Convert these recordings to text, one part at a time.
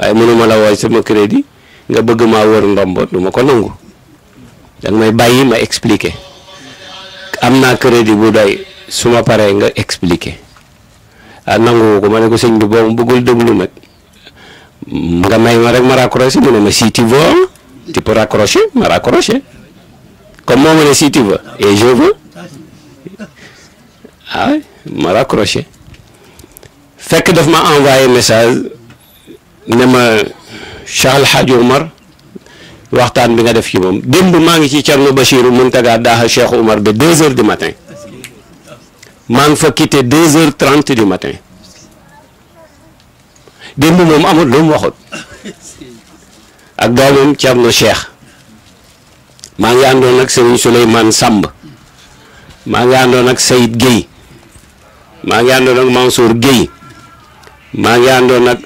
waaye mënuma la wooy sama crédit nga bëgg maa wër ndombo du ma ko nangu danga may bàyyi ma expliquer am naa crédit bu doy su ma paree nga expliquer ah nanguwu ko ma ne ko sëñ bi boobu déglu nag nga may ma rek ma ma si tu veux tu peux raccrocher ma comme moo ma ne si tu veux et je veux ah, ma raccroché fekk daf ma envoyé message. ne ma Cheikh El Hadj Omar waxtaan bi nga def ci moom démb maa ngi ci Thierno Bachirou Mountaga daaxa Cheikh Omar ba 2 heures du matin maa ngi fa quitté 2 heures 30 du matin démb moom amul lu mu waxut ak doomam Thierno Cheikh maa ngi àndoon ak Serigne Souleymane Samb maa ngi àndoon ak Sayid Guèye maa ngi àndoon ak Mansour Guèye maa ngi àndoon ak.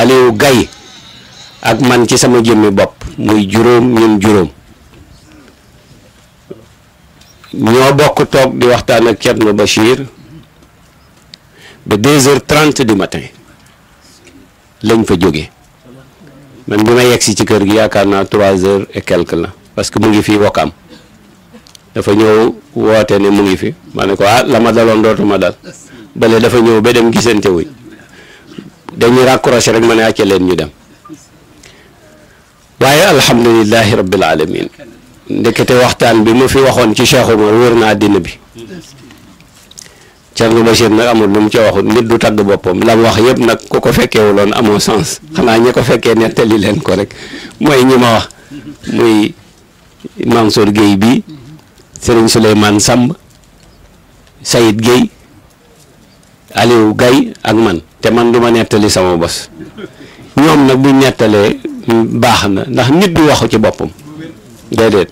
Aliou gay ak man ci sama jëmmi bopp muy juróom ñun juróom ñoo bokk toog di waxtaan ak Thierno Bachir ba deux heures trente du matin lañ fa jóge man bi ma yegsi ci kër gi yaakaar naa trois heures et quelque la parce que mu ngi fii Wakaam dafa ñëw woote ne mu ngi fi ma ne ko ah la ma daloon dootuma dal bale dafa ñëw ba dem gisante wuñ dañuy raccroché rek ma ne àcce leen ñu dem waaye alhamdulilahi rabbil alamin ndekete waxtaan bi ma fi waxoon ci Cheikh Oumar wër na àddina bi Thierno Bachir nag amul lu mu ci waxul nit du tagg boppam la wax yëpp nag ku ko fekkee fekkeewuloon amoo sens xanaa ñi ko fekkee nettali leen ko rek mooy ñi ma wax muy Mansour Guèye bi Serigne Souleymane Samb Sayid Guèye Aliou Gaye ak man te man du ma nettali sama bos ñoom nag buñ nettalee baax na ndax nit du waxu ci boppam déedéet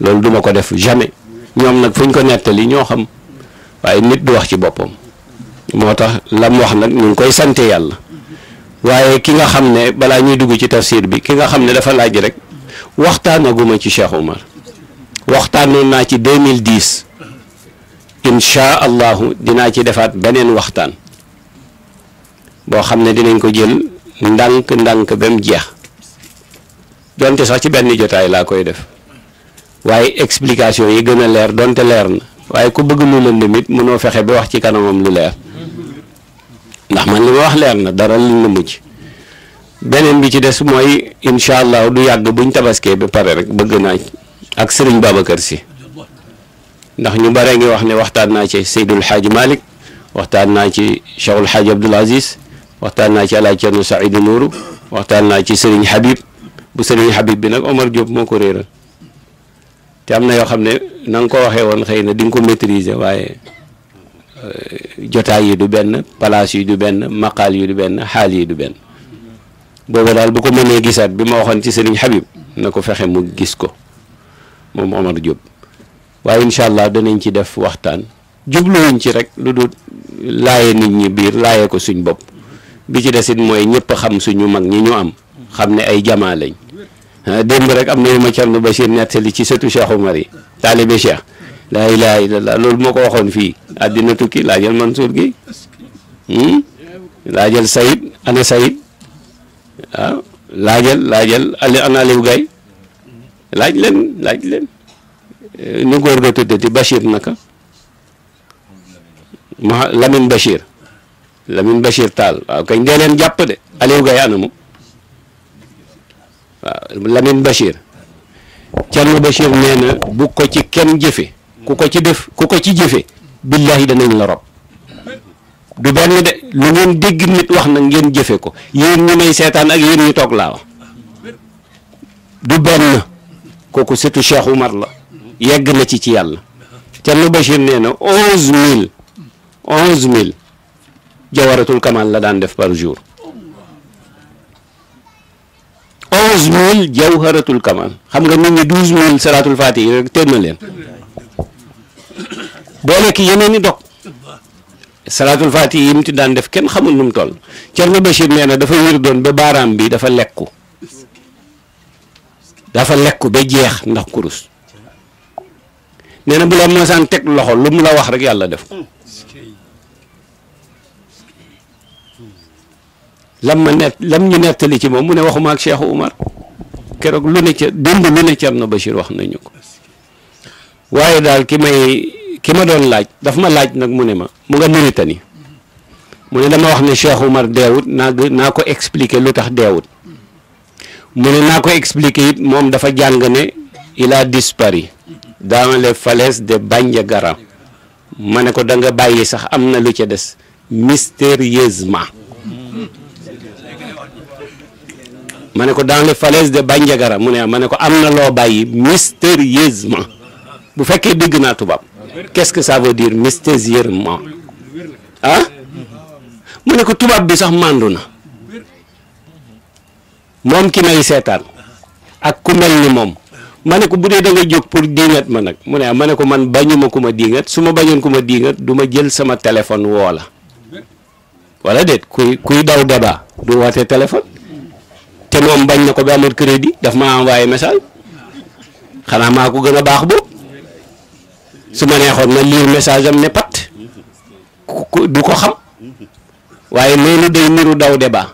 loolu duma ko def jamais ñoom nag fuñ ko nettali ñoo xam waaye nit du wax ci boppam moo tax lam wax nag ñu koy sante yàlla waaye ki nga xam ne balaa ñuy dugg ci tafsir bi ki nga xam ne dafa laaj rek waxtaanaguma ci Cheikh Oumar waxtaanoon naa ci 2010 incha allahu dinaa ci defaat beneen waxtaan boo xam ne dinañ ko jël ndànk ndànk ba mu jeex donte sax ci benn jotaay laa koy def waaye explication yi gën a leer donte leer na waaye ku bëgg lu lëndëm it mënoo fexe ba wax ci kanamam lu leer ndax man li ma wax leer na dara liñ la mujj beneen bi ci des mooy incha allah du yàgg buñ tabaskee ba pare rek bëgg naa ak sëriñ Babacar si ndax ñu bare ngi wax ne waxtaan naa ci Seydul Xaaji Malick waxtaan naa ci Cheikhul Xaaji Abdul Aziz waxtaan naa ci alaaj Cerno Saïd Nuuru waxtaan naa ci Serigne Habib bu Serigne Habib bi nag Omar Diop moo ko réeral te am na yoo xam ne na nga ko waxee woon xëy na di nga ko maîtriser waaye euh, jotaay yi du benn palaas yi du benn maqaal yi du benn xaal yi du benn booba daal bu ko mënee gisaat bi ma waxoon ci Serigne Habib na ko fexe mu gis ko moom Omar Diop waaye incha allah danañ ci def waxtaan jubluwuñ ci rek lu dul laaye nit ñi biir laaye ko suñ bopp. bi ci desit mooy ñëpp xam suñu mag ñi ñu am xam ne ay jamaa lañ démb rek am na yu ma Cerno Bachir nettali ci sëtu Cheikh Oumar yi taalibe Cheikh loolu moo ko waxoon fii àddina tukki laajal Mansour gi hmm? laajal Sayid ana Sayid waaw ah, laajal laajal ali ana laaj leen laaj leen eh, nu góor ga tuddati Bachir naka ma Lamine Lamine Bachir Tall waaw kañ dee leen jàpp de Aliou Gaye anamu waaw Lamine Bachir Thierno Bachir nee bu ko ci kenn jëfe ku ko ci def ku ko ci jëfe billahi danañ la rob du benn de lu ngeen dégg nit wax na ngeen jëfe ko yéen ñi may seetaan ak yéen ñu toog laa wax du benn kooku setu Cheikh mar la yegg na ci ci yàlla Thierno Bachir nee onze mille onze mille jawaratul kamal la daan def par jour onze mille jawharatul kamal xam nga nit ñi douze mille salatul fatihi rek tën na leen boo lekk yeneen i dog salatul fatihi yi mu ci daan def kenn xamul nu mu toll Thierno Bachir nee na dafa wér doon ba baaraam bi dafa lekku dafa lekku ba jeex ndax kurus nee na bu la mosaan teg loxo lu mu la wax rek yàlla def ko lam ma net lam ñu nettali ci moom mu ne waxuma ak Cheikh Oumar keroog lu ne ca dund lu ne Thierno Bachir wax nañu ko waaye daal ki may ki ma doon laaj dafa ma laaj nag mu ne ma mu nga Mauritanie mu ne dama wax ne Cheikh Oumar deewut naa naa ko expliquer lu tax deewut mu ne naa ko expliquer it moom dafa jàng ne il a disparu dans les falaises de Bandiagara ma ne ko danga nga bàyyi sax am na lu ca des mystérieusement ma ne ko dans les falaises de Bandiagara mu ne ma ne ko am na loo bàyyi mystérieusement bu fekkee dégg naa tubaab quest que ça veut dire mystérieusement ah mu ne ko tubaab bi sax màndu na moom ki may seetaan ak ku mel ni moom ma ne ko bu dee da jóg pour diingat ma nag mu ne ma ne ko man bañuma ku ma diingat su ma bañoon ku ma diingat du ma jël sama téléphone woo la wala déet kuy kuy daw débat du woote téléphone te moom bañ na ko ba amul crédit daf ma envoyé message xanaa maa ko gën a baax boobu su ma neexoon na lire message am ne pat du ko xam waaye loolu day niru daw débat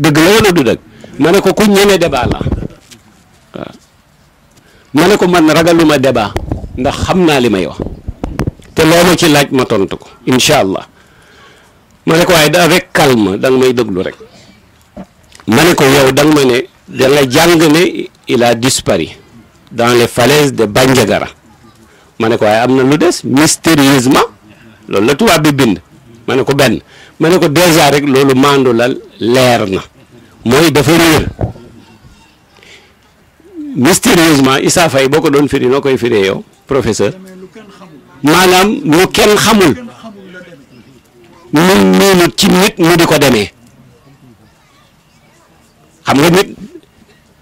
dëgg la wala du dëgg ma ne ko ku ñeme débat la waaw ma ne ko man ragaluma débat ndax xam naa li may wax te loolu ci laaj ma tontu ko incha allah ma ne ko waaye da avec kalm da nga may déglu rek. ma ne ko yow da ma ne da nga jàng ne il a disparu dans les falaises de Bandiagara ma ne ko waaye am na lu des mystérieusement loolu la tubaab bi bind ma ne ko benn ma ne ko déjà rek loolu maandu la leer na mooy dafa réer mystérieusement Issa Faye boo ko doon firi noo koy firee yow professeur maanaam lu kenn xamul mu miinut ci nit mu di ko demee xam nga nit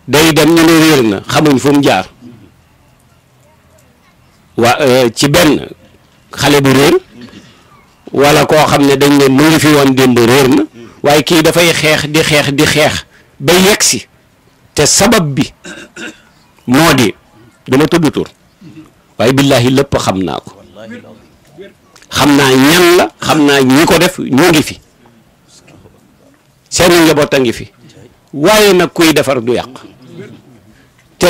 day dem ñu ne réer na xamuñ fu mu jaar wa euh, ci benn xale bu réer walla koo xam ne dañ ne mu ngi fi woon démb réer na waaye kii dafay xeex di xeex di xeex ba yegg si te sabab bi moo di dama tudd tur waaye billaahi lépp xam naa ko xam naa ñan la xam naa ñi ko def ñu ngi fi seen njaboot a ngi fi waaye nag kuy defar du yàq te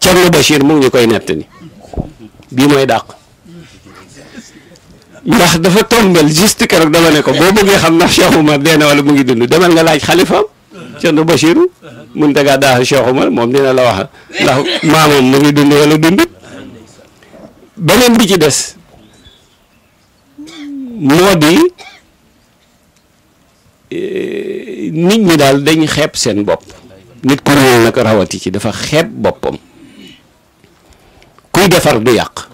Thierno Bachir mu ngi koy nettali bii mooy dàq ndax dafa tombal juste keroog dama ne ko boo bëggee xam ndax Cheikh Oumar dee na wala mu ngi dund demal nga laaj xalifaam Thierno Bachir mun tagaa daaxal Cheikh Oumar moom dina la wax ndax maamam mu ngi dund wala dund beneen bi ci des moo di Eh, nit ñi daal dañ xeeb seen bopp nit ku nag rawati ci dafa xeeb boppam kuy defar du yàq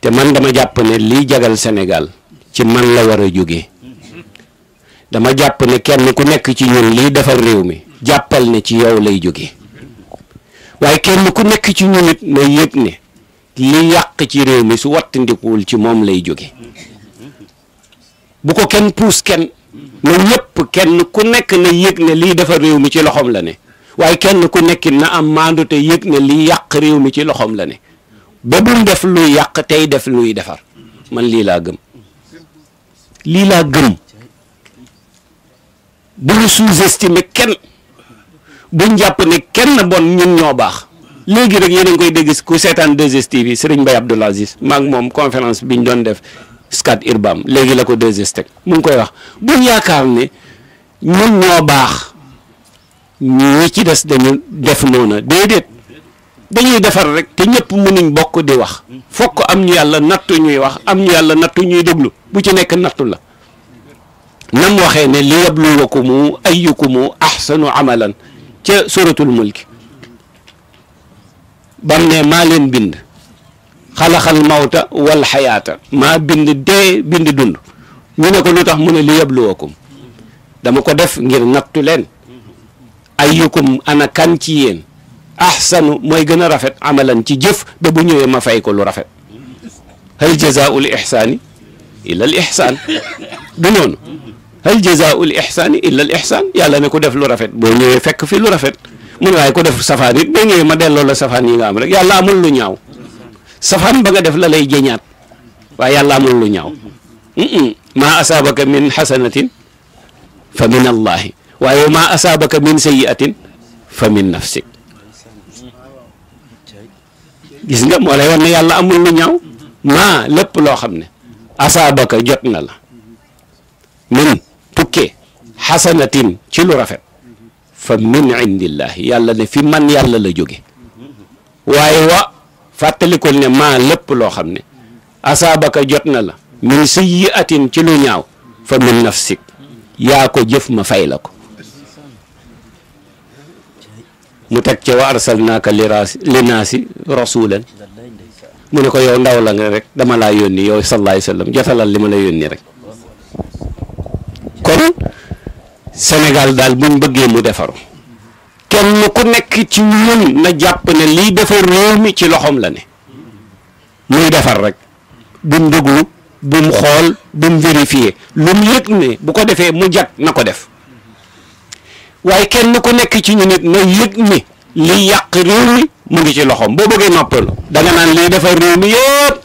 te man dama jàpp ne liy jagal senegal ci man la war a jóge dama jàpp ne kenn ku nekk ci ñun liy defar réew mi jàppal ne ci yow lay jóge waaye kenn ku nekk ci ñun it na yëg ne li yàq ci réew mi su wattandikuwul ci moom lay jóge bu ko kenn puus kenn na ñëpp kenn ku nekk na yëg ne lii defar réew mi ci loxoom la ne waaye kenn ku nekkit na am maandu te yëg ne lii yàq réew mi ci loxoom la ne ba bul def lu yàq tey def luy defar man lii laa gëm lii laa gëm bu ñu sous-estimer kenn buñ jàpp ne kenn bon ñun ñoo baax léegi rek yéen a ngi koy dégg ku seetaan 2STV Serigne Mbaye Abdoul Aziz maak moom bi ñu doon def Scat Urbam léegi la ko 2STV mu ngi koy wax bu yaakaar ne ñun ñoo baax ñi ci des dañu def noonu déedéet dañuy defar rek te ñëpp mënuñ bokk di wax fokk am ñu yàlla nattu ñuy wax am yàlla nattu ñuy déglu bu ci nekk nattu la nam waxee ne li yabluwakumu ayyukumu ahsanu amalan ca suratul mulki bam ne maa leen bind xalaxal mawta wal xayaata maa bind bind dund ñu ne ko lu tax mu ne li yabluwakum dama ko def ngir nattu leen ayyukum ana kan ci yéen ahsanu mooy gën a rafet amalan ci jëf ba bu ñëwee ma fay ko lu rafet hal jazaa'ul ihsaani illa al ihsaan du noonu hal jazaa'ul ihsaani illa yàlla ne ko def lu rafet boo ñëwee fekk fi lu rafet mun waaye ko def safaan it ba ma delloo la safaan yi nga am rek yàlla amul lu ñaaw safaan ba nga def la lay jeñaat waaye yàlla amul lu ñaaw maa asaabaka min xasanatin fa min allahi waaye maa asaabaka min sayiatin fa min nafsik gis nga moo lay wax ne yàlla amul lu ñaaw maa lépp loo xam ne asaabaka jot na la min tukkee xasanatin ci lu rafet fa min indillahi yàlla ne fi man yàlla la joge fàttalikul ne maa lépp loo xam ne asaabaka jot na la min sayyi'atin ci lu ñaaw fa min nafsik yaa ko jëf ma fay la ko mu teg ca wa arsalnaaka li raasi li naasi rasulan mu ne ko yow ndaw la nga rek dama laa yónni yow sallallahu alayhi wa jotalal li ma la yónni rek kon Sénégal daal buñ bëggee mu defaru kenn ku nekk ci ñun na jàpp ne lii defar réew mi ci loxoom la ne muy defar rek bum déglu bum xool bum vérifier lu yëg ne bu ko defee mu jag na ko def waaye kenn ku nekk ci ñu it na yëg ne liy yàq réew mi mu ngi ci loxoom boo bëggee noppalu da nga naan liy defar réew mi yëpp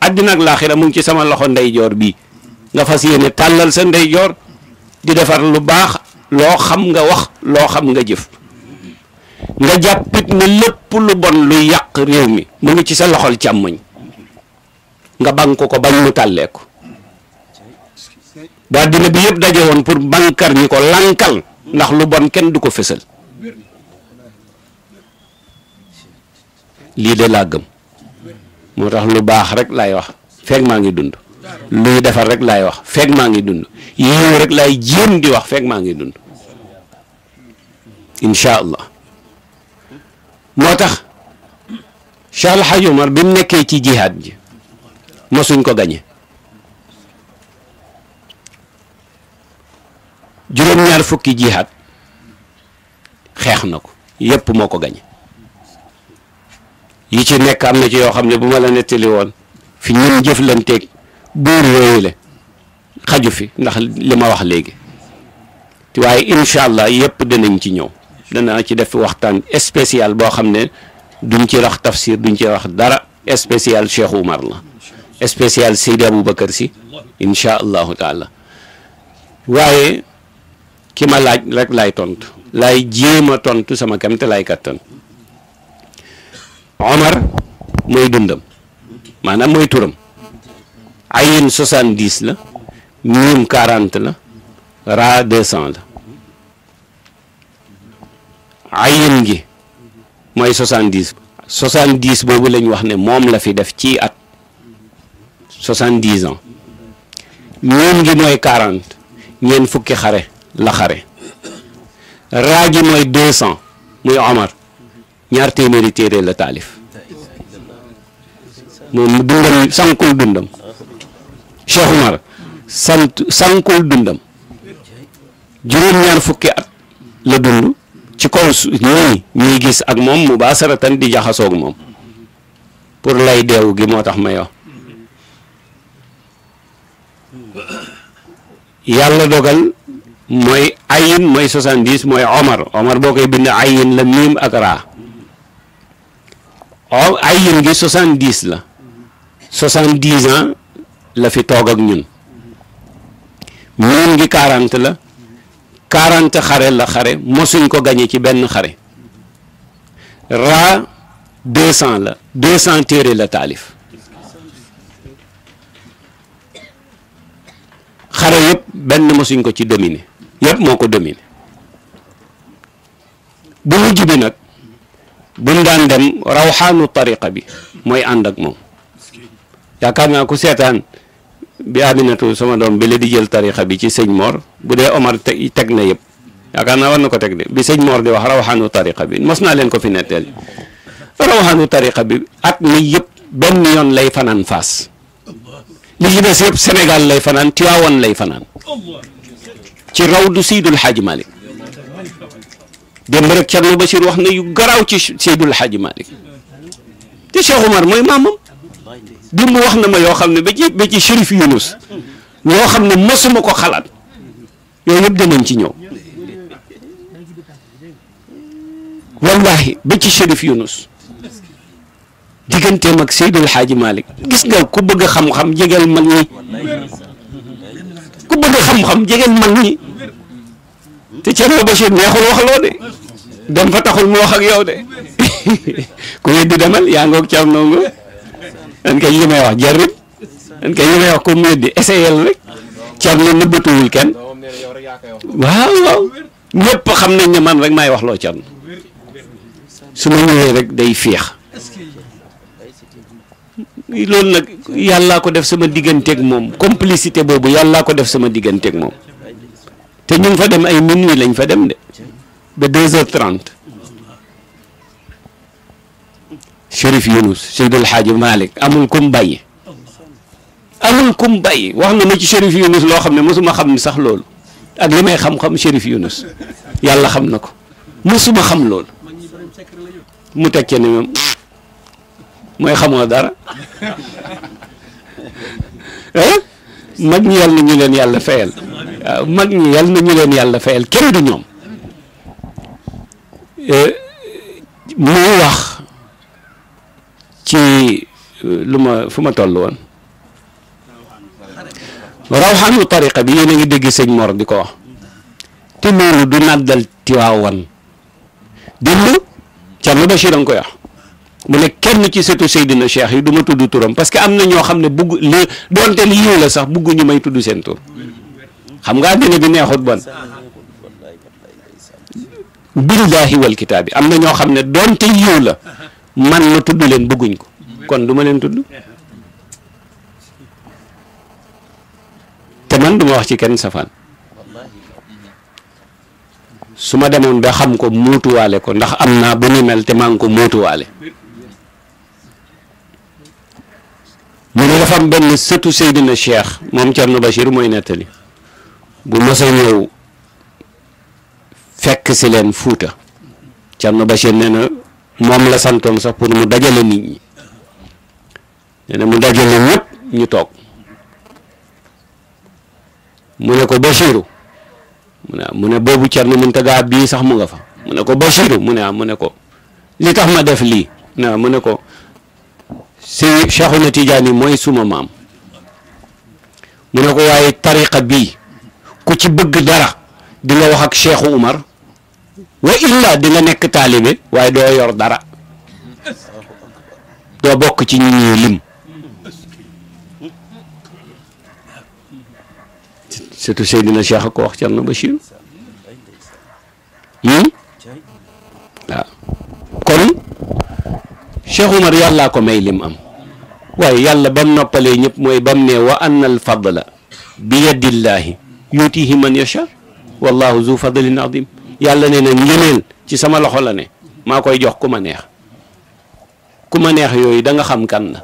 àddina ak laaxira mu ngi ci sama loxo ndeyjoor bii nga fas yéene tàllal sa ndeyjoor di defar lu baax. loo xam nga wax loo xam nga jëf nga jàppit ne lépp lu bon lu yàq réew mi mu ngi ci sa loxol càmmoñ nga bànk ko bañ mu tàlleeku ba àddina bi yépp daje woon pour bànkar ñi ko lànkal ndax lu bon kenn du ko fësal lii de laa gëm moo tax lu baax rek laay wax feeg maa ngi dund luy defar rek laay wax feeg maa ngi dund yiw rek laay jéem di wax feeg maa ngi dund incha allah moo tax Cheikh El Hadj Omar bi mu nekkee ci jihaad ji masuñ ko gañe juróom-ñaar fukki jihaad xeex na ko yépp moo ko gañe yi ci nekk am na ci yoo xam ne bu ma la nettali woon fi ñun jëflanteeg buur yooyu le xaju fi ndax li ma wax léegi waaye incha allah yépp danañ ci ñëw danaa ci def waxtaan spécial boo xam ne duñ ci wax tafsir duñ ci wax dara spécial Cheikh Oumar la spécial Seydi Aboubacar si incha allahu taala waaye ki ma laaj rek laay tontu lay jéem a tontu sama kamte lay kattan Omar mooy dundam maanaam mooy turam ayin soixante-dix la miim quarante la ra deux cents la ayin gi mooy soixante-dix soixante-dix boobu lañu wax ne moom la fi def ci at soixante-dix ans ñoom gi mooy quarante ñeent fukki xare la xare raa gi mooy deux cent muy Omar ñaar téeméeri téere la taalif moom dundam sankul dundam Cheikh Omar sant dundam juróom-ñaar fukki at la dund ci kaw ñii ñuy gis ak moom mu baasaratan di jaxasoog moom pour lay deew gi moo tax may wax yàlla dogal mooy ayin mooy soixante-dix mooy omar omar boo koy bind ayin la miim ak raa o ayin gi soixante-dix la soixante-dix ans la fi toog ak ñun miim gi quarante la quarante xare la xare mosuñ ko gañe ci benn xare raa deux cent la deux cent téere la taalif xare yëpp benn mosuñ ko ci dominer yëpp moo ko dominer bu mujj bi nag buñ daan dem rawxaanu tariqa bi mooy ànd ak moom yaakaar naa ku seetaan bi Aminatu sama doom bi la di jël tarixa bi ci sëñ Mor bu dee Omar te teg na yëpp yaakaar naa war na ko teg de bi sëñ moor di wax rawaxaanu tarixa bi mos naa leen ko fi netteel rawaxaanu tarixa bi at mi yëpp benn yoon lay fanaan faas li ci des yëpp Sénégal lay fanaan Tiwaawan lay fanaan ci rawdu Seydul Xaaji Malik démb rek Thierno Bachir wax na yu garaaw ci Seydul Xaaji Malik te Cheikh Omar mooy maamam dimb wax na ma yoo xam ne ba ci ba ci Chérif Younous yoo xam ne mosuma ko xalaat yooyu de dinañ ci ñëw wallahi ba ci Chérif Younous digganteem ak Seydou El Hadji gis nga ku bëgg xam-xam jegeel mag ñi ku bëgg xam-xam neexul wax loo de dem fa taxul mu wax ak yow de ku weddi demal yaa ngoog Thierno nga. nan kañ li may wax jarut nan kañ li may wax kon mu weddi essayé rek Thierno nëbbatuwul kenn waaw waaw ñëpp xam nañ ne man rek maay wax loo Thierno su ma ñëwee rek day féex loolu nag yàllaa ko def sama digganteeg moom complicité boobu yàllaa ko def sama digganteeg moom te ñu ngi fa dem ay minuit lañ fa dem de ba deux heures trente Chérif Yunus Seydi El Hadji Malick amul kum bàyyi amul kum bàyyi wax na ma ci Chérif Yunus loo xam ne mosuma xam ni sax lool ak li may xam-xam Chérif Yunus yàlla xam na ko mosuma xam loolu mu tekkee ne moom mooy xamoo dara eh? mag ñi yàlla leen yàlla fayal waaw ah, mag ñi yàlla na ñu leen yàlla fayal kenn du ñoom eh, moo wax ci euh, lu ma fu ma toll woon rawxaanu tariqa bi yéen a ngi dégg sëñ Mor di ko wax te du nàddal Tiwaawan déglu Thierno Bachir a ngi koy wax mu ne kenn ci setu Seydina Cheikh yi du ma tudd turam parce que am na ñoo xam ne bugg li doonte lii la sax bugguñu may tudd seen tur xam nga àddina bi neexut bon billaahi wal am na ñoo xam ne doonte yiw la man ma tudd leen bëgguñ ko kon duma leen tudd te man du wax ci kenn safaan su ma demoon ba xam ko muutuwaale ko ndax am naa bu ni mel te maa ngi ko muutuwaale mu ne dafa am benn sëtu Seydina Cheikh moom Thierno Bachir mooy nettali bu mos a ñëw fekk si leen fuuta Thierno Bachir nee na moom la santoom sax pour mu dajale nit ñi nee na mu dajale ñëpp ñu toog mu ne ko Bachirou mu ne mu ne boobu Thierno Mountaga bii sax mu nga fa mu ne ko Bachirou mu ne mu ne ko li tax ma def lii na mu ne ko si Cheikhuna Tidiane mooy suma maam mu ne ko waaye tariqa bii ku ci bëgg dara di nga wax ak Cheikh Oumar wa illa di nga nekk taalibe waaye doo yor dara doo bokk ci ñu ñuy lim surtout Seydina Cheikh ko wax Thierno Bachir hmm? waaw kon Cheikh Umar yàllaa ko may lim am waaye yàlla bam noppalee ñëpp mooy bam ne wa anna al fadla yutihi man yasha wallahu zu fadlin azim yàlla ne na ngëneel ci sama loxo la ne maa koy jox ku ma neex ku ma neex yooyu danga xam kan la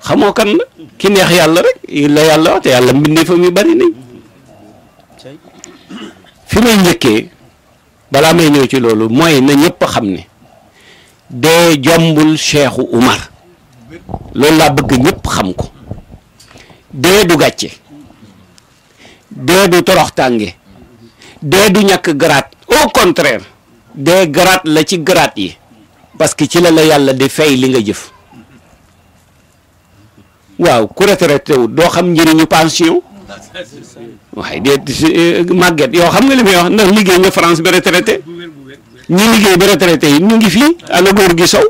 xamoo kan la ki neex yàlla rek la yàlla wax te yàlla mbindeefam yu bari nañ fi may njëkkee balaa may ñëw ci loolu mooy na ñëpp xam ne dee jombul Cheikhu Umar loolu laa bëgg ñëpp xam ko dee du gàcce dee du torox tànge dee du ñàkk grade au contraire dee grade la ci grade yi parce que ci la la yàlla di fay li nga jëf waaw ku retraité wu doo xam njëriñu pension waaye de eh, màgget yoo xam nga li may wax ndax liggéey nga France ba retraité ñi liggéey ba retraité yi ñu ngi fii ana gi sow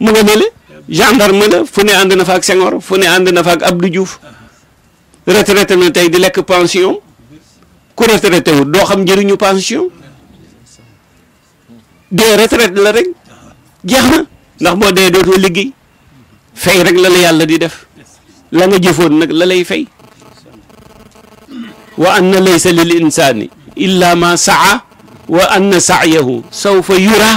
mu nga nele gendarme la fu ne ànd na fa ak Senghor fu ne ànd na fa ak Abdou Diouf retraité na tey di lekk pension ku retraité doo xam njëriñu pension dee retraite la rek jeex na ndax moo dee dootoo liggéey fay rek lala yàlla di def la nga jëfoon nag lalay lay fay wa anna laysa lil insaani illa ma saa wa anna saayahu sawfa yura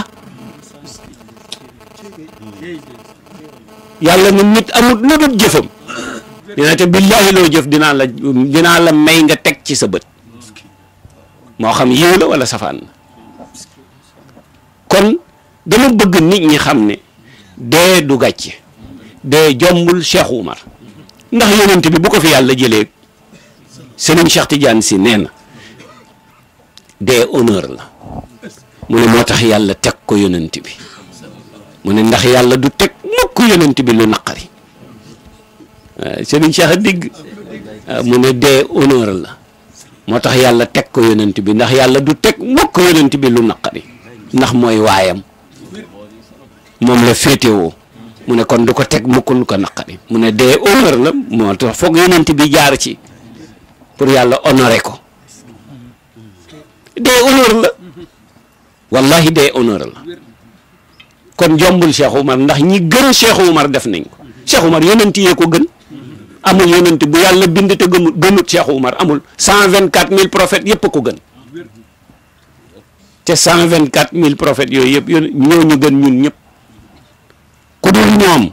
yàlla na nit amut lu dul jëfam dina jëf dinaa la dinaa la may nga teg ci sa bët moo xam yiw la wala safaan la kon dama bëgg nit ñi xam ne dee du gàcce dee jombul Cheikh Umar ndax yonent bi bu ko fi yàlla jëlee sëriñ Cheikh Tidiane si nee na dee honneur la mu ne moo tax yàlla teg ko yonent bi mu ne ndax yàlla du teg mukk yonent bi lu naqari sëriñ Cheikh a digg mu ne dee honneur la moo tax yàlla teg ko yonent bi ndax yàlla du teg mukk yonent bi lu naqari ndax mooy waayam moom la féetewoo mu ne kon du ko teg mukk ko naqari mu ne dee honneur la moo tax foog yonent bi jaar ci pour yàlla honoré ko dee honneur la wallahi dee honneur la kon jombul Cheikh Oumar ndax ñi gën Cheikh Oumar def nañ ko Cheikh Oumar yonent yee ko gën amul yonent bu yàlla bind te gëmut gënut Cheikh Oumar amul cent vingt quatre mille prophètes yëpp ko gën te cent vingt quatre mille prophètes yooyu yëpp yon ñoo ñu gën ñun ñëpp ku dul ñoom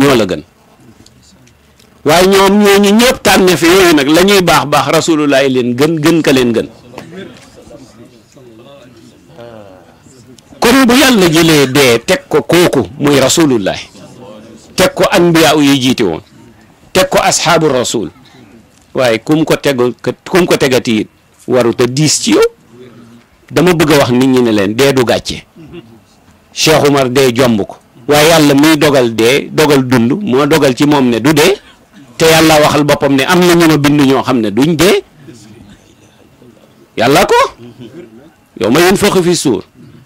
ñoo la gën waaye ñoom ñooñu ñëpp tànneef yooyu nag la ñuy baax baax rasulullah leen gën gën ka leen gën kon bu yàlla jëlee dee teg ko kooku muy rasulullah teg ko anbiya yi jiite woon teg ko asxaabu rasul waaye kum ko tegu kum ko tegati waru te diis ci yow dama bëgg a wax nit ñi ne leen dee du gàcce Cheikh Umar dee jomb ko waaye yàlla muy dogal dee dogal dund moo dogal ci moom ne du dee te yàlla waxal boppam ne am na ñu ma ñoo xam ne duñ dee yàlla ko yawma yunfaxu fi suur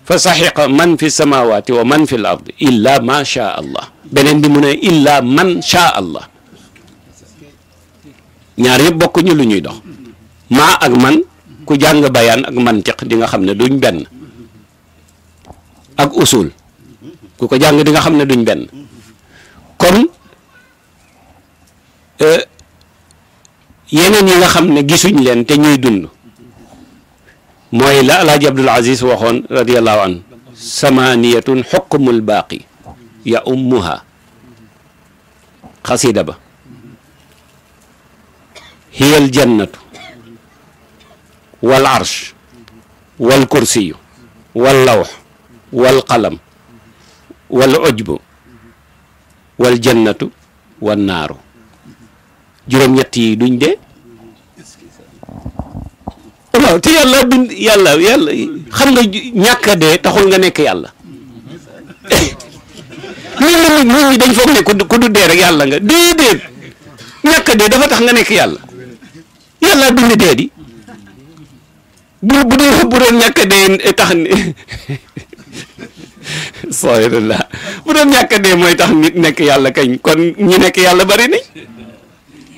fa saxiqa man fi samawati wa man fi l ard illa ma shaa allah beneen bi mu ne illa man shaa allah ñaar yëpp bokkuñu lu ñuy dox maa ak man ku jàng bayaan ak mantiq di nga xam ne duñ benn ak usul ku ko jàng di nga xam ne duñ benn kon e, yeneen yi nga xam ne gisuñ leen te ñuy dund mooy la alaaji abdul aziz waxoon radiallahu an samaniyatun xukmul baaqi ya ummuha xasida ba hiya al jannatu wal arsh wal kursiyu wal lawx wal qalam wal ujbu wal jannatu wan naaru juróom-ñett yi duñ dee waaw te yàlla bind xam nga ñàkk a dee taxul nga nekk yàlla ñun ñun ñun dañ foog ne ku du dee rek yàlla nga déedéet ñàkk a dee dafa tax nga nekk yàlla. yàlla bind dee di bu bu dee bu doon ñàkk dee eh, tax soyadullah bu doon ñàkk dee mooy tax nit nekk yàlla kañ kon ñi nekk yàlla bari nañ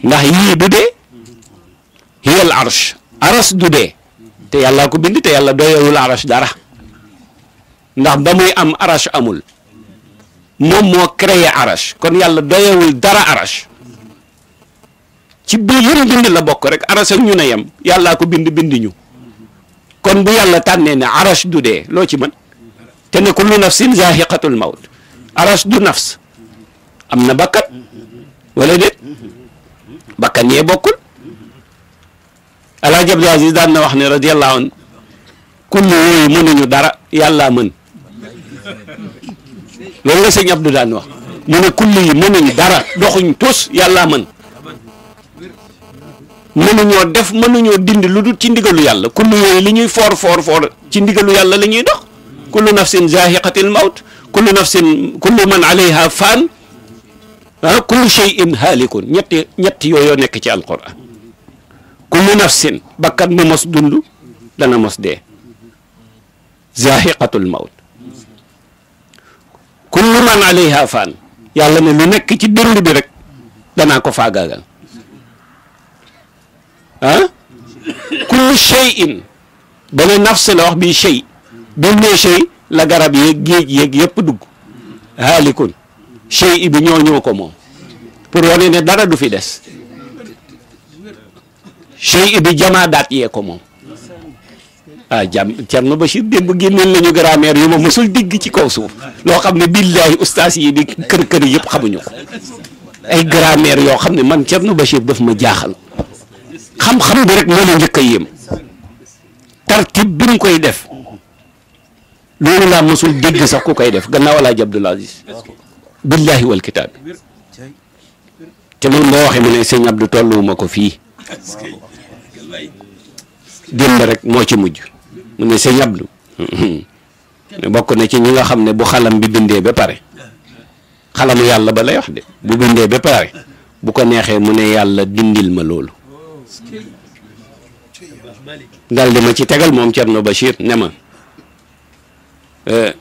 ndax yii du dee hiyal arsh aras du dee te yàlla ko bind te yàlla doyewul arash dara ndax ba muy am arash amul moom moo créé arash kon yàlla doyewul dara arash ci biir bind la bokk rek aras ak ñu ne yem yàllaa ko bind bind ñu kon bu yàlla tànnee ne aras du dee loo ci mën te ne kullu nafsin zaahiqatul mawt aras du nafs am na bakkan wala déet bakkan yee bokkul alaaji Abdul Aziz daan na wax ne radiyallahu an kullu yooyu mënuñu dara yàllaa mën loolu la sëñ Abdou daan wax mu ne kullu yi mënuñu dara doxuñ tus yàllaa mën mënuñoo def mënuñoo dind lu dul ci ndigalu yàlla kullu yooyu li ñuy foor foor foor ci ndigalu yàlla la ñuy dox kullu nafsin zaahiqatil mawt kullu nafsin kullu man alayha faan ah kullu shay'in haalikun ñetti ñetti yooyoo nekk ci alquran kullu nafsin bakkan mu mos dund dana mos dee zaahiqatul mawt kullu man alayha faan yàlla ne lu nekk ci dund bi rek danaa ko faagaagal kullu shay'in beneen nafs la wax bii shay benn shay la garab yéeg géej yeeg yëpp dugg haalikun shay bi ñoo ñoo ko moom pour wane ne dara du fi des shay bi jamaadaat yee ko moom ah jam Thierno Bachir démb génneel lañu grammaire yu ma mësul digg ci kaw suuf loo xam ne billaahi ustaas yi di kër kër yëpp xamuñu ko ay grammaire yoo xam ne man Thierno Bachir daf ma jaaxal xam-xam bi rek moo la njëkk a tartib bi mu koy def loolu laa mosul dégg sax ku koy def gannaaw alaaji Abdul Aziz billaahi wal kitaab te man boo waxee mu ne sëñ tolluwuma ko fii démb rek moo ci mujj mu ne sëñ bokk na ci ñi nga xam ne bu xalam bi bindee ba pare xalamu yàlla ba lay wax de bu bindee ba pare bu ko neexee mu ne yàlla dindil ma loolu dal di ma ci tegal moom Cerno Bachir ne ma eh,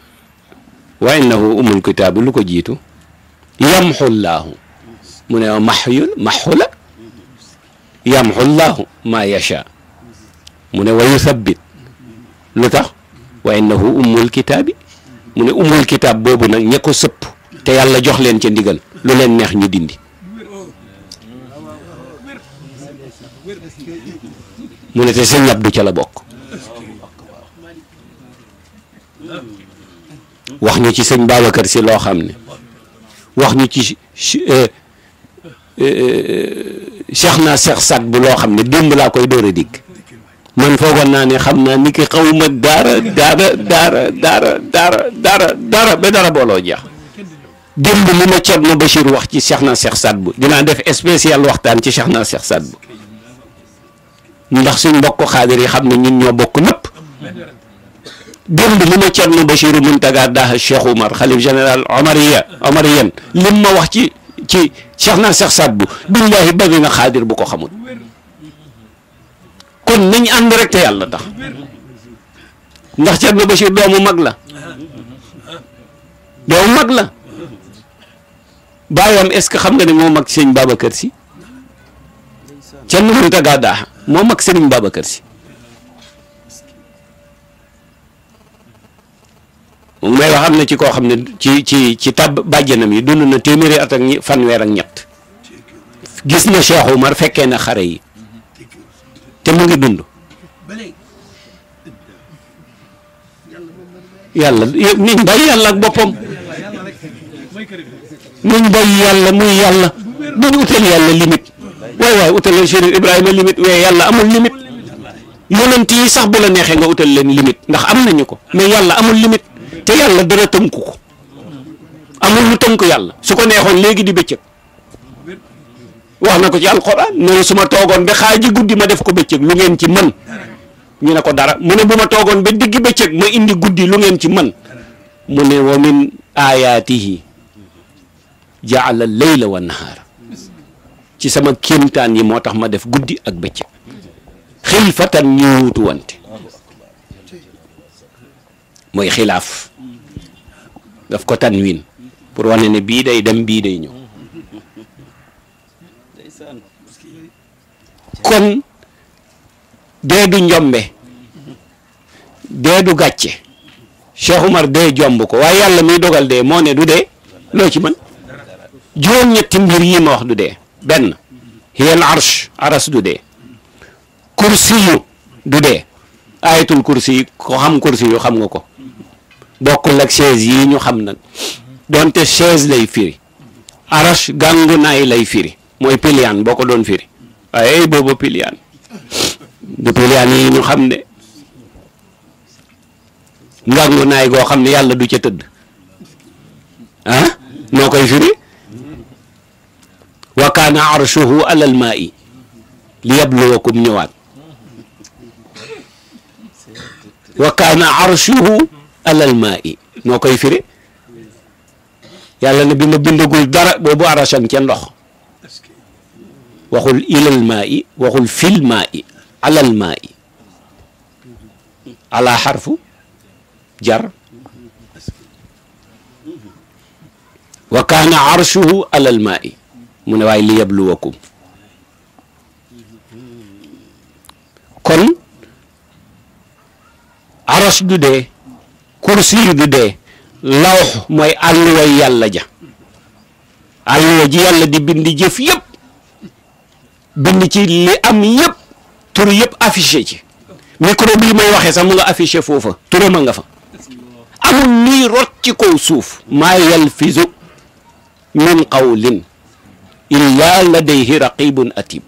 wa innahu umul kitaabu lu ko jiitu yamxullaahu mu ne ma maxyul maxu la yamxullaahu maa yasha mu ne wa yusabbit lu tax wa innahu umul kitaabi mu ne boobu nag ña ko sëpp te yàlla jox leen ca ndigal lu leen neex ñu dindi mu ne te sëñ Abdou ca la bokk wax ñu ci sëñ Babacar si loo xam ne wax ñu ci eh, eh, eh, Cheikh naa Cheikh sat bu loo xam ne démb laa koy door a dikk man foogoon naa ne xam naa ni ki xaw ma dara dara dara dara daara dara ba dara booloo jeex. démb li ma Thierno Bachir wax ci Cheikhna Cheikh bu dinaa def spécial waxtaan ci Cheikhna Cheikh Sadbou ndax suñ mbokk xaadir yi xam ne ñun ñoo bokk lépp démb li ma Thierno Bachir Muntaga Daha Cheikh Oumar xalif général Omariya Omariyen lim ma wax ci ci Cheikhna Cheikh Sadbou billahi bëgg nga xaadir bu ko xamul kon nañ ànd rek te yàlla tax ndax Thierno Bachir doomu mag la doomu mag la. baayam est-ce que xam nga ne moo mag sëñ Babacar si ca Nuuruta Gàddaa moo mag sëriñ Babacar si may wax am na ci koo xam ne ci ci ci tab bàjjanam yi dund na téeméeri at ak fanweer ak ñett gis na Cheikh Oumar fekkee na xare yi te mu ngi dund yàlla nit bàyyi yàlla ak boppam mu bàyyi yàlla muy yàlla dañu utal yàlla limite waay waay utalal Chérif Ibrahima limite waaye yàlla amul limite yonent yi sax bu la neexee nga utal leen limite ndax am nañu ko mais yàlla amul limite te yàlla dara tënku ko amul lu tënk yàlla su ko neexoon léegi di bëccëg wax na ko ci alxuraan ne su ma toogoon ba xaaji guddi ma def ko bëccëg lu ngeen ci mën ñu ne ko dara mu ne bu ma toogoon ba diggi bëccëg ma indi guddi lu ngeen ci mën mu ne wa min jaala layla wa nahaara ci sama kéemtaan yi moo tax ma def guddi ak bëccëg xilfatan ñu wutu wante mooy xilaaf daf ko tanwin pour wane ne bii day dem bii day ñëw kon dee du njombe dee du gàcce Cheikh Umar dee jomb ko waaye yàlla muy dogal dee moo ne du dee loo ci mën juróom-ñetti mbir yi ma wax du dee benn hiyal arsh aras du dee kursi yu du dee ayatul kursi yi ko xam kursi yu xam nga ko bokkul ak chaise yii ñu xam nag donte chaise lay firi arash gàngu naay lay firi mooy piliyaan boo ko doon firi waaye boobu piliyaan du piliyaan yi ñu xam ne ngàngu goo xam ne yàlla du ca tëdd ah noo koy firi wa kaana arshuhu alal maa'i liyabluwakum ñëwaat wa kaana arshuhu alal maa'i noo koy firi yàlla ne bi ma bindagul dara boobu arashan ca ndox waxul ilal maa'i waxul fil maa'i alal maa'i ala xarfu jar wa kaana arshuhu alal maa'i mu ne waaye li yabluwakum kon aras du dee kursi du dee lawx mooy àlluway yàlla ja àlluwa ji yàlla di bind jëf yëpp bind ci li am yëpp tur yëpp affiché ci micro bii may waxee sa mu nga affiché foofa turam a nga fa amul luy rot ci kaw suuf maa yalfizu min qawlin illaa ladayhi raqibun atib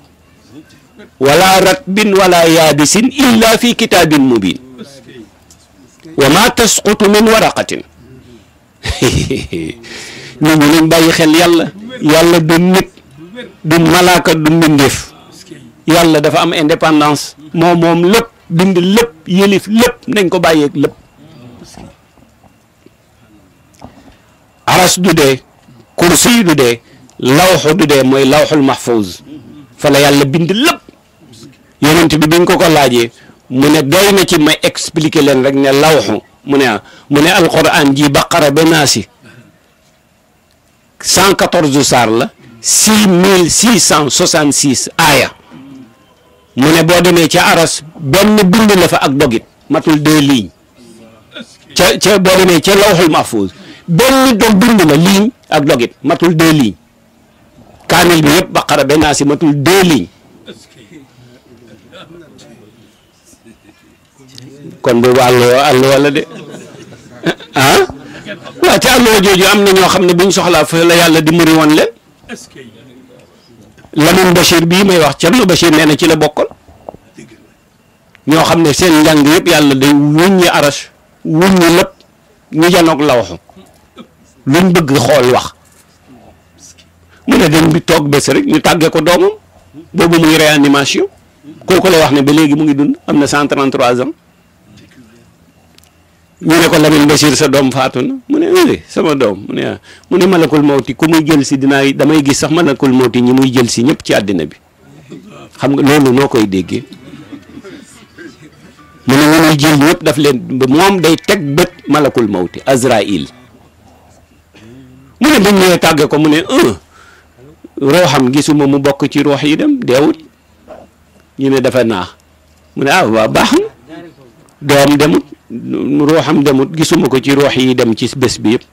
wala ratbin wala yaabisin illa fi kitabin mubin wa ma tasqutu min waraqatin nit ñi nañ bàyyi xel yàlla yàlla du nit du malaaka du mbindeef yàlla dafa am indépendance moom moom lépp bind lépp yëlif lépp nañ ko bàyyeeg lépp aras du dee kursi du dee lawxu du dee mooy lawxul mahfuz fa la yàlla bind lépp yonent bi biñ ko ko laajee mu ne doy na ci may expliquer leen rek ne lawxu mu ne ah mu ne alquran ji baqara ba naasi cent quatorze saar la six mille six cent soixante six aaya mu ne boo demee ca aras benn bind la fa ak dogit matul deux lignes ca ca boo demee ca lawxul dog bind la ligne ak dogit matul deux lignes kaamil bi yëpp baqara benn naa si matul deux lignes kon boobu àll àll wala de ah waaw te àll jooju am na ñoo xam ne bu soxlaa fa la yàlla dimbali woon leen Lamine Bachir bii may wax Thierno Bachir nee na ci la bokkal ñoo xam ne seen njàng yëpp yàlla day wuññi aras wuññi lépp ñu janoog la waxu luñ bëgg xool wax. mu ne dem bi toog bés rek ñu tàggee ko doomam boobu muy réanimation kooku la wax ne ba léegi mu ngi dund am na 133 ans ñu ne ko Lamine Bachir sa doom faatu na mu ne sama doom mu ne ah mu ne malakul mawti ku muy jël dinaa dinaay damay gis sax malakul mawti ñi muy jël si ñëpp ci àddina bi xam nga loolu noo koy déggee mu ne ñu daf leen moom day teg bët malakul mawti Azraïl mu ne ñëwee tàgge ko mu ne rooxam gisuma mu bokk ci roox yi dem deewul ñu ne dafa naax mu ne ah waa baax na doom demut rooxam demut gisuma ko ci roox yi dem ci bés bi yëpp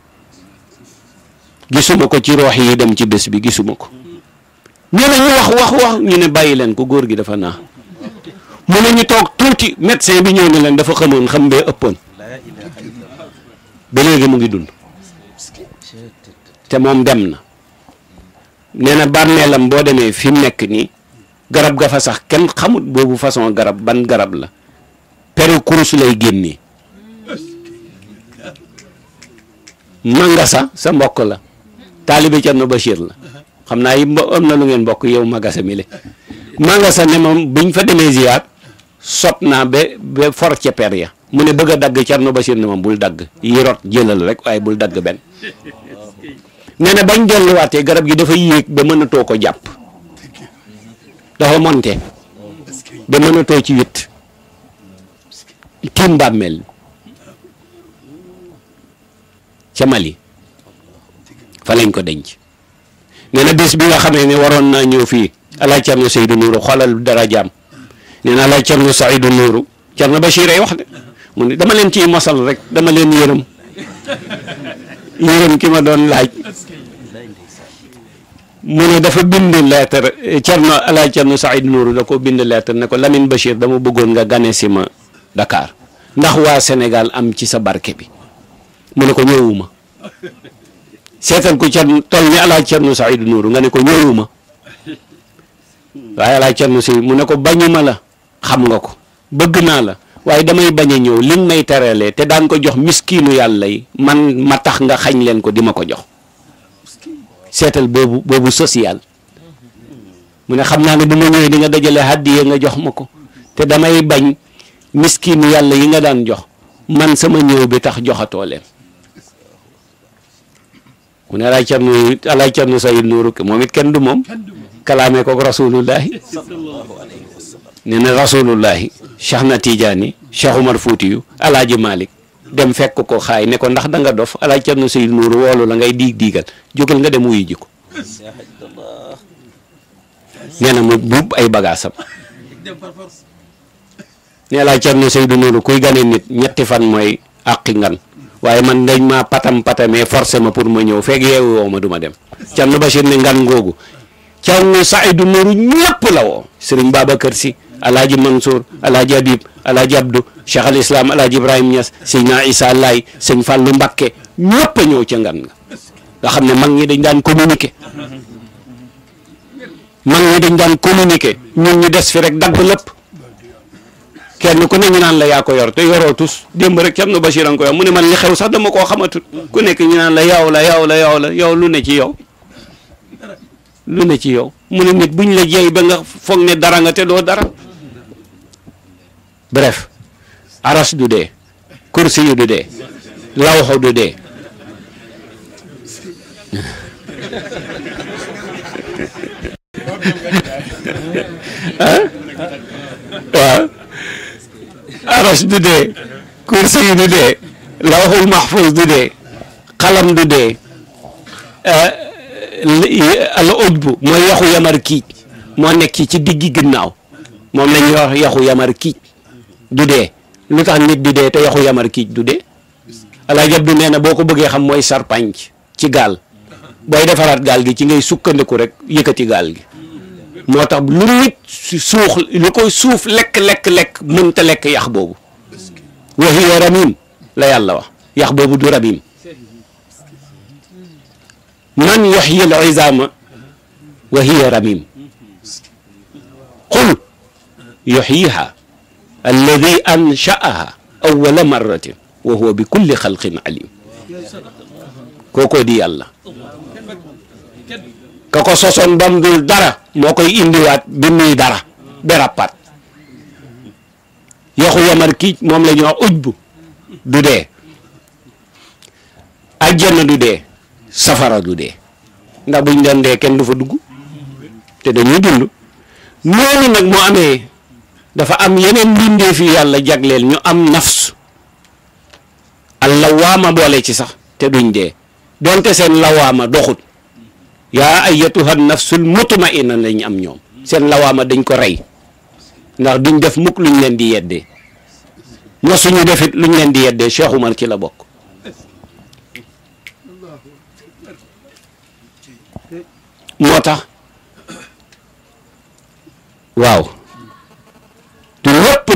gisuma ko ci roox yi dem ci bés bi gisuma ko ñu ne wax wax wax ñu ne bàyyi leen ko góor gi dafa naax mu ne ñu toog tuuti médecin bi ñëw ne leen dafa xamoon xam bee ëppoon ba léegi mu ngi dund te moom dem na nee na bàmmeelam boo demee fi mu nekk nii garab ga fa sax kenn xamut boobu façon garab ban garab la peru kurus lay génnee mangasa sa mbokk la taalibe Cerno Bachir la xam naa yi am na lu ngeen bokk yow magasa mi le mangasa ne moom biñ fa demee ziyaar sot naa ba ba for per ya mu ne bëgg a dagg Cerno Bachir ne moom bul dagg yi rot jëlal rek waaye bul dagg benn nee na bañ jolliwaatee garab gi dafa yéeg ba mënatoo ko jàpp dafa monte ba mënatoo ci wét tiim bàmmeel ca Mali fa lañ ko denc nee na bi nga xamee ne waroon naa ñëw fii alaaj Cerno Seydou Nourou xoolal dara jaam nee na alaaj Cerno Seydou Nourou Cerno Bachir ay wax de mu ne dama leen ciy mosal rek dama leen yërëm yërëm ki ma doon laaj mu ne dafa bind lettre Cerno Alaaj Cerno Saïd Nourou da koo bind lettre ne ko Lamine Bachir dama bëggoon nga gane si ma Dakar ndax waa senegal am ci sa barke bi mu ne ko ñëwuma seetal ko Cerno toll ni Alaaj Cerno Saïd Nourou nga ne ko ñëwuma waaye Alaaj Cerno si mu ne ko bañuma la xam nga ko bëgg naa la waaye damay bañ a ñëw li may teralee te daan ko jox miskiinu yàlla yi man ma tax nga xañ leen ko di ma ko jox seetal boobu boobu social mu ne xam naa ne bu ma ñëwee di nga dajale hàddiya nga jox ma ko te damay bañ miskiinu yàlla yi nga daan jox man sama ñëw bi tax joxatoo leen mu ne alaay carnu alaay carnu sayid nuuru moom it kenn du moom kalaamee ko rasulullahi nee na rasulullahi Cheikh na Tidiane Cheikh Umar Fuutiyu alaaji Malick dem fekk ko xaay ne ko ndax danga nga dof alaaj Cerno Seydou Nour woolu la ngay diig diigal jógal nga dem wuyu ji ko nee na mu buub ay bagaasam ne alaaj Cerno Seydou Nour kuy gane nit ñetti fan mooy àqi ngan waaye man dañ ma patam patamee forcé ma pour ma ñëw fekk yeewu woo ma du ma dem Cerno Bachir ne ngan googu Cerno Seydou Nour ñëpp la woo Sëriñ Babacar Si alaaji Mansour alaaji Habib alaaji Abdou Cheikh al Islam alaaji Ibrahim Niass Seydina Issa Laay sëñ Fàllu Mbàkke ñëpp a ñëw ca ngan nga nga xam ne mag ñi dañ daan communiquer mag ñi dañ daan communiquer ñun ñu des fi rek dagg lépp kenn ku ne ñu naan la yaa ko yor te yoroo na Bachir an man li sax dama koo xamatut ku nekk ñu naan la yow la yow la yow la yow lu ne ci yow lu ne ci yow mu ne nit buñ la jeey ba nga foog ne dara nga te doo dara bref aras du dee kursi yu du dee lawxu du dee ah waaw aras du dee kursi yu du dee lawxul maxfuus du dee xalam du dee ah, eh, al udbu mooy yaxu yamar kiic moo nekki ci diggi ginnaaw moom la ñuy wax yaxu yamar kiic du dee lu tax nit di dee te yaxu yamar kiij du dee alaaj Abdu nee na boo ko bëggee xam mooy sarpanc ci gaal booy defaraat gaal gi ci ngay sukkandiku rek yëkkati gaal gi moo tax lu nit suux lu koy suuf lekk lekk lekk mënta lekk yax boobu wa hiya ramim la yàlla wax yax boobu du ramim man yuhyi al izama wa hiya ramim qul yuhyiha alladi anshaaha awwala marratin wa huwa bi kulli xalqin alim kookoo di yàlla ka ko sosoon bam dul dara moo koy indiwaat bi muy dara berapat yaxu yamar kiic moom la ñuy wax ujbu du dee ajjana du dee safara du dee ndax buñ doon dee kenn du fa dugg te dañuy dund noonu amee dafa am yeneen mbindeef yi yàlla jagleel ñu am nafs al lawaama boole ci sax te duñ dee doonte seen lawaama doxut yaa ayyatuha nafsul ina lañ am ñoom seen lawaama dañ ko rey ndax duñ def mukk luñ leen di yeddee nga suñu defit luñ leen di yeddee Cheikh Oumar ci la bokk moo tax waaw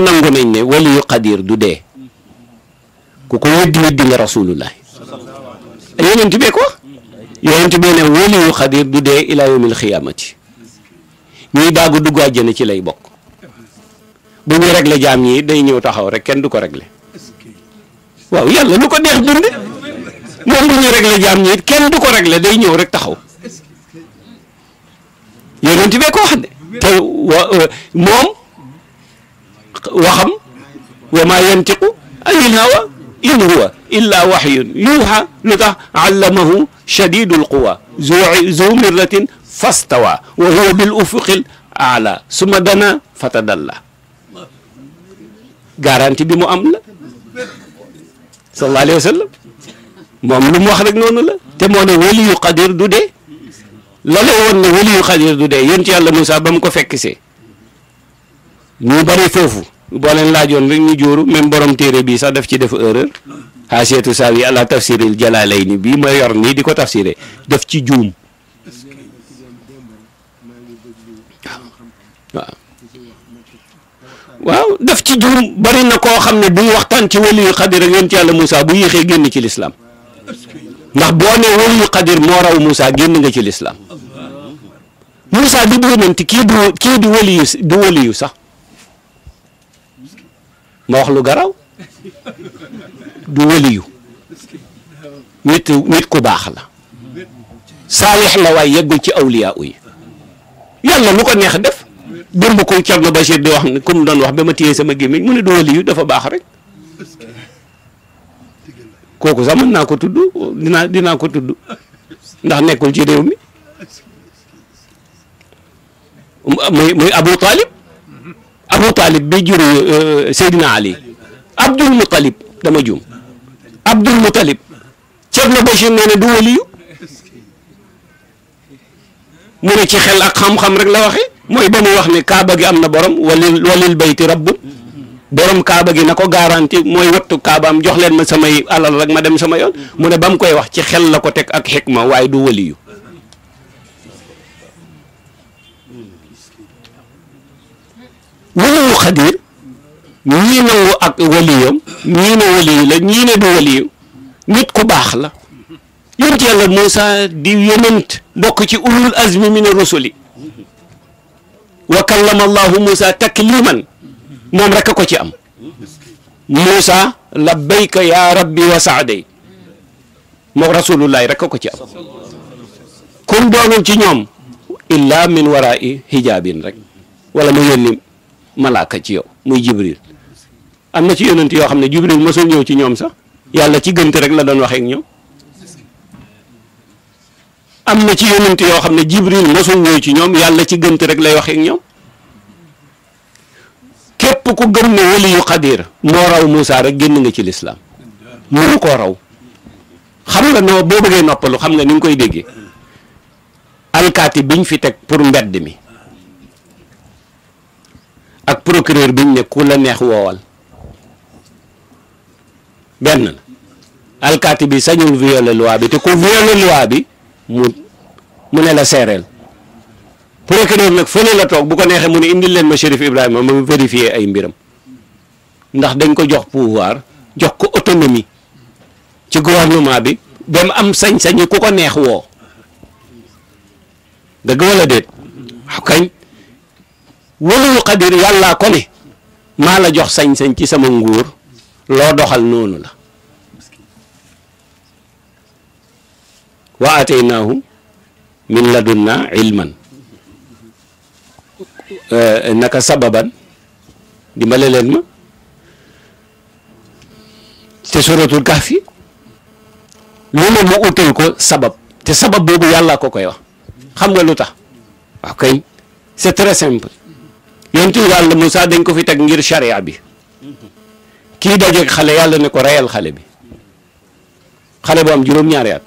nangu nañ ne wali yu xadir du dee ku ko weddi weddi nga rasulullahi yonent bee ko yonent bee ne wali yu xadir du ci lay bokk bu ñuy régler day ñëw taxaw rek kenn du ko régler waaw lu ko neex dunde kenn du ko régler day ñëw rek taxaw bee ko wax de te euh, moom waxam wa maa yantiqu anil hawa in huwa illa waxyun yuuxa lu tax allamahu shadidul quwa zu mirratin fastawa wa huwa bil ufuqil aala suma dana fatadalla garanti bi mu am la sallallahu alayhi wa sallam moom lu mu wax rek noonu la te moo ne waliyu qadir du dee la la woon ne waliyu qadir du dee yonent yàlla Moussa ba mu ko fekk see ñu bari foofu boo leen laajoon rek ñu jóoru même borom téere bii sax def ci def erreur xaasiyatu saawi ala tafsiril jalaalayni bii ma yor nii di ko tafsiré def ci juum waaw ci juum bari na koo xam ne buy waxtaan ci waliyu xadir ngeen ci yàlla Moussa bu yéexee génn ci lislaam ndax boo ne waliyu xadir moo raw Moussa génn nga ci lislaam Moussa di bu yonent kii du sax ma wax lu garaw du wëliyu nit nit ku baax la saalix la waaye yeggul ci awliyaa yi yàlla lu ko neex def démb ko Thierno Bachir di wax ne comme doon wax ba ma téyee sama gémmiñ mu ne du wëliyu dafa baax rek kooku sax mën naa ko tudd dinaa dinaa ko tudd ndax nekkul ci réew mi muy muy Abu Talib Abu Talib bi jur euh, Seydina Ali Abdul Mutalib dama juum Abdul Mutalib Thierno ba nee na du waliyu mu ne ci xel ak xam-xam rek la waxe mooy ba muy wax ne kaaba gi am na borom walil walil bayti rabbun borom kaaba gi na ko garanti mooy wattu am jox leen ma samay alal rek ma dem sama yoon mu ne ba mu koy wax ci xel la ko teg ak xikma waaye du waliyu ñu nangu xadir ñii nangu ak waliyam ñii ne waliyu la ñii ne ku baax la yonent yàlla Moussa di yonent bokk ci ulul azmi min rusuli wa kallama allahu Moussa takliman moom rek ko ci am Moussa labbayka ya rabbi wa saaday moom rasulullahi rek a ko ci am kun doonul ci ñoom illa min warai hijaabin rek wala mu malaaka ci yow muy jibril am na ci yonent yoo xam ne jibril mosul ñëw ci ñoom sax yàlla ci gënt rek la doon waxee ñoom am na ci yonent yoo xam ne jibril mosul ñëw ci ñoom yàlla ci gënt rek lay waxee ak ñoom képp ku gëm ne waliyu xadir moo raw Moussa rek génn nga ci lislaam mënu koo raw xam nga noo boo bëggee noppalu xam nga ni nga koy déggee alkaati biñ fi teg pour mbedd mi ak procureur biñ ne ku la neex woowal benn la alkaati bi sañul violer loi bi te ku violer loi bi mu mu ne la seereel procureur nag fële la toog bu ko neexee mu ne indil leen ma Chérif Ibrahima ma vérifier ay mbiram ndax dañ ko jox pouvoir jox ko autonomie ci gouvernement bi ba am sañ-sañi ku ko neex woo dëgg wala déet kañ walul xadir yàllaa ko ne maa la jox sañ-sañ ci sama nguur loo doxal noonu la wa ataynaahum min ladunna ilman eh, naka sababan dimbale leen ma te suratul kahfi lu ne mu utal ko sabab te sabab boobu yàlla ko koy wax xam nga lu tax waaw kay c'est très simple yontu yàlla Moussa dañ ko fi teg ngir charia bi kii dajeeg xale yàlla ne ko reyal xale bi xale bu am juróom-ñaari at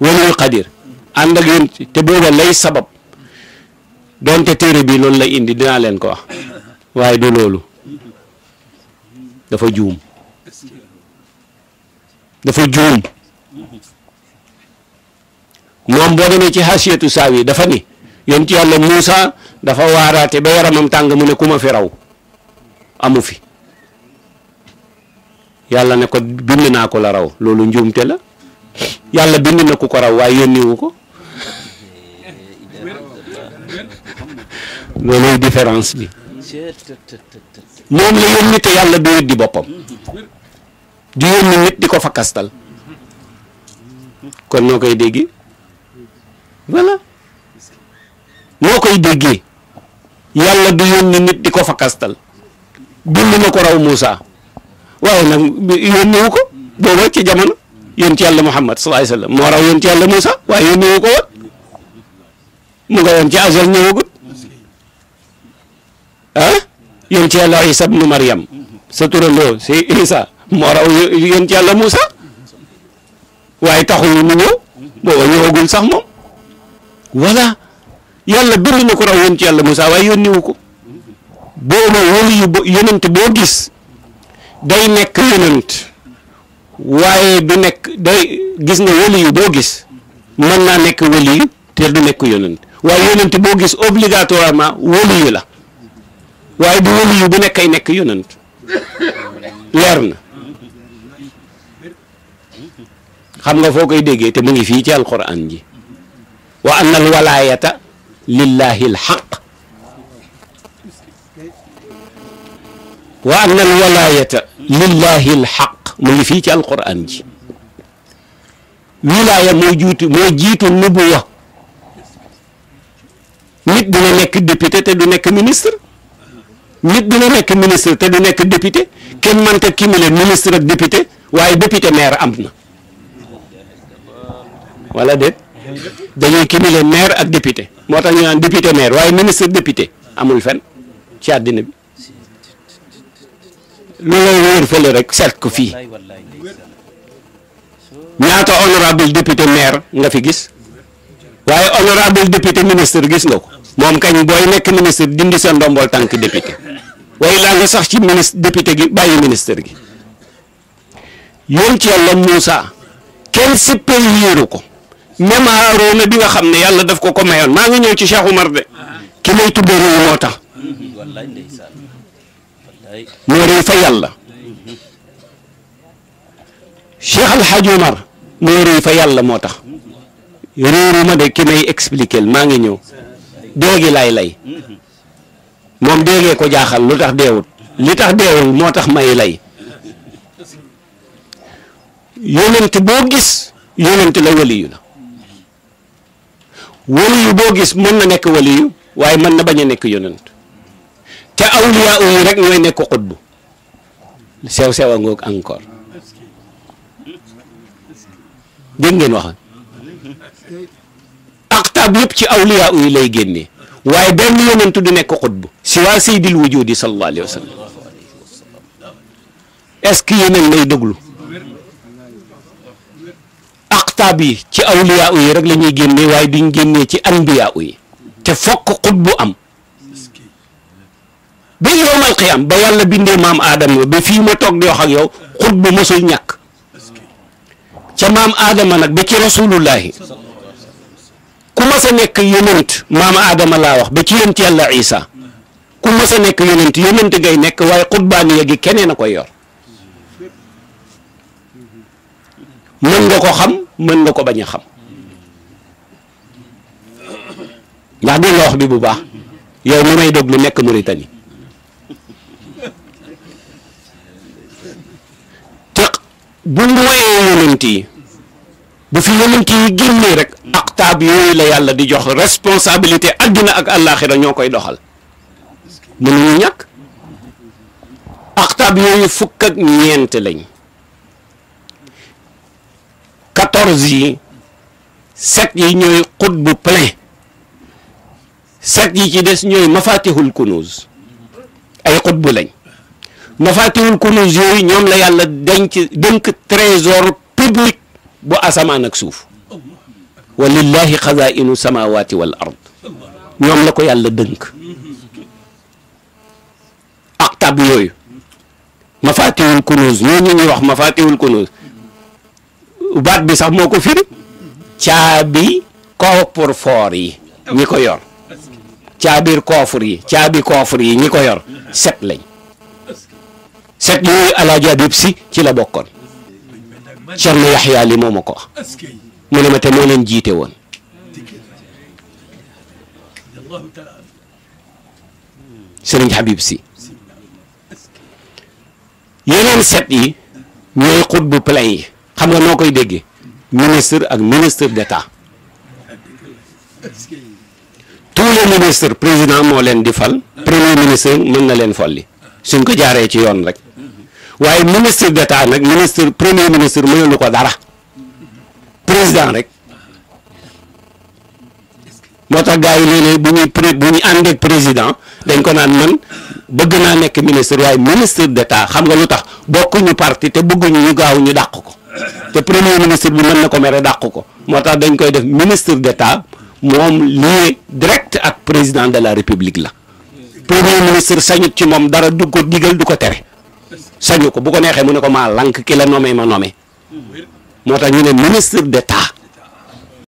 walul xadir ak yéen te booba lay sabab donte téere bi loolu la indi dinaa leen ko wax waaye du loolu dafa juum dafa juum moom boo demee ci xasiyatu saawi dafa ni yontu yàlla Moussa dafa waaraate ba yaramam tàng mu ne ku ma fi raw amu fi yàlla ne ko bind naa ko la raw loolu njuumte la yàlla bind na ku ko raw waaye yónniwu ko looluy différence bi moom te yàlla du weddi boppam di yónni nit di ko fakkastal kon noo koy déggi voilà noo koy déggee yàlla du yónni nit di ko fakastal bind na ko raw Moussa waaye nag yónniwu ko booba ci jamono yónni ci Muhammad moo raw yónni ci yàlla Moussa waaye yónniwu ko woon mu nga woon ci azal ñëwagut ah sa turandoo si Isa moo raw yónni ci yàlla Moussa waaye taxul mu ñëw booba ñëwagul sax moom voilà. yàlla bind na ko raw yoon ci yàlla Moussa waaye yónni ko boo ma wóolu yu boo gis day nekk yonent waaye du nekk day gis nga wóolu boo gis mën naa nekk wóolu yu te du nekk yonent waaye yonent boo gis obligatoirement wóolu la waaye du wóolu bu nekk ay nekk yonent leer na xam nga foo koy déggee te mu ngi fii ci alquran ji wa annal walaayata lillahi alxaq wa anna alwalaayata lillahi alxaq mu ngi fii ci alquran ji wilaaya moo juuti moo jiitu nubuwa nit dina nekk député te du nekk ministre nit dina nekk ministre te du nekk député kenn mënta cumuler ministre ak député waaye député maire am na wala déet dañuy cumuler maire ak député moo tax ñu naan député maire waaye ministre député amul fen ci àddina bi lu lay wóor fële rek seet ko fii ñaata honorable député maire nga fi gis waaye honorable député ministre gis nga ko moom kañ booy nekk ministre dindi sa ndombol tànk député waaye laa nga sax ci ministre député gi bàyyi ministre gi yoon ci yàlla Moussa kenn sippal yéeru ko même Aaroona bi nga xam ne yàlla daf ko ko mayoon maa ngi ñëw ci Cheikh Umar de ki lay tuddee réew moo tax moo réew fa yàlla Cheikh Al Umar moo réew fa yàlla moo tax réeru ma de ki may expliquer maa ngi ñëw déegi lay lay moom déegee ko jaaxal lu tax deewut li tax deewul moo tax may lay yonent boo gis yonent la waliyu la waliyu boo gis mën na nekk waliyu waaye mën na bañ a nekk yonent te awliyaa yi rek ñooy nekk xutbu sew sew a ngoog encore dégg ngeen wax aqtaab yëpp ci awliyaa yi lay génnee waaye benn yonent du nekk xutbu si waa seydil wujudi sallallahu alayhi wa sallam est-ce que yéen a ngi may déglu aqtaab yi ci awliyaa yi rek la ñuy waaye duñ génnee ci anbiyaa yi te fokk xut bu am ba yowmal qiyaam ba yàlla bindee maam aadama ba fii ma toog di wax ak yow xut bu mosul ñàkk ca maam aadama nag ba ci rasulullahi ku mas nekk yonent maam aadama laa wax ba ci yonent yàlla isa ku mas nekk yonent yonent ngay nekk waaye xutbaani ya gi keneen a koy yor mën nga ko xam mën nga ko bañ a xam ndax dégg nga wax bi bu baax yow mi may déglu nekk Mauritanie te buñ wooyee yonent yi bu fi yonent yi génnee rek aqtaab yooyu la yàlla di jox responsabilité àddina ak àllaaxira ñoo koy doxal mënuñu ñàkk aqtaab yooyu fukk ak ñeent lañ. quatorze yi set yi ñooy xutbu plein set yi ci des ñooy mafatihul kunuz ay xutbu lañ mafatihul kunuz yooyu ñoom la yàlla denc dénk trésor public bu asamaan ak suuf wa lillahi xazainu samawati wal ard ñoom la ko yàlla dënk ak tab yooyu mafatihul kunuz ñooñu ñuy wax mafatihul kunuz baat bi sax moo ko firi caabi koofur foor yi ñi ko yor caabiir koofur yi caabi koofur yi ñi ko yor set lañ set yooyu alaaji Abib si ci la bokkoon Cerno Yaxya li mooma ko wax mu ne ma te moo leen jiite woon sëriñ Habib si yeneen set yi ñooy xut bu plein yi xam nga noo koy déggee ministre ak ministre d'État tous les ministres président moo leen di fal premier ministre mën na leen folli suñ ko jaaree ci yoon rek waaye ministre d'État nag ministre premier ministre mënalu ko dara président rek moo tax gaaw yi léeg-léeg bu ñuy pré bu ñu ànd président dañ ko naan man bëgg naa nekk ministre waaye ministre d'État xam nga lu tax bokkuñu parti te bëgguñu ñu gaaw ñu dàq ko te premier ministre bi mën na ko mere dàq ko moo tax dañ koy def ministre d'état moom lien direct ak président de la république la premier ministre sañut ci moom dara du ko digal du ko tere sañu ko bu ko neexee mu ne ko maa lank ki la nommé ma nommé moo tax ñu ne ministre d'état